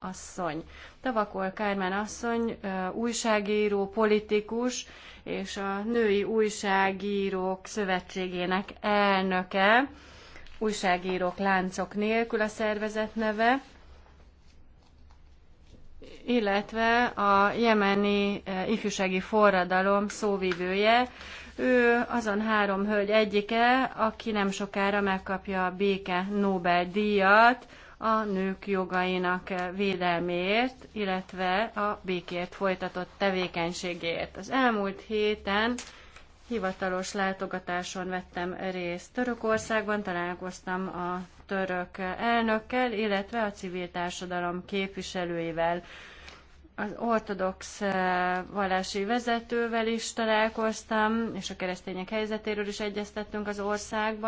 asszony. Tavakol Kármán asszony újságíró, politikus és a Női Újságírók Szövetségének elnöke, újságírók láncok nélkül a szervezet neve, illetve a jemeni ifjúsági forradalom szóvivője. Ő azon három hölgy egyike, aki nem sokára megkapja a béke Nobel-díjat, a nők jogainak védelméért, illetve a békért folytatott tevékenységért. Az elmúlt héten hivatalos látogatáson vettem részt Törökországban, találkoztam a török elnökkel, illetve a civil társadalom képviselőivel. Az ortodox eh, vallási vezetővel is találkoztam, és a keresztények helyzetéről is egyeztettünk az országban.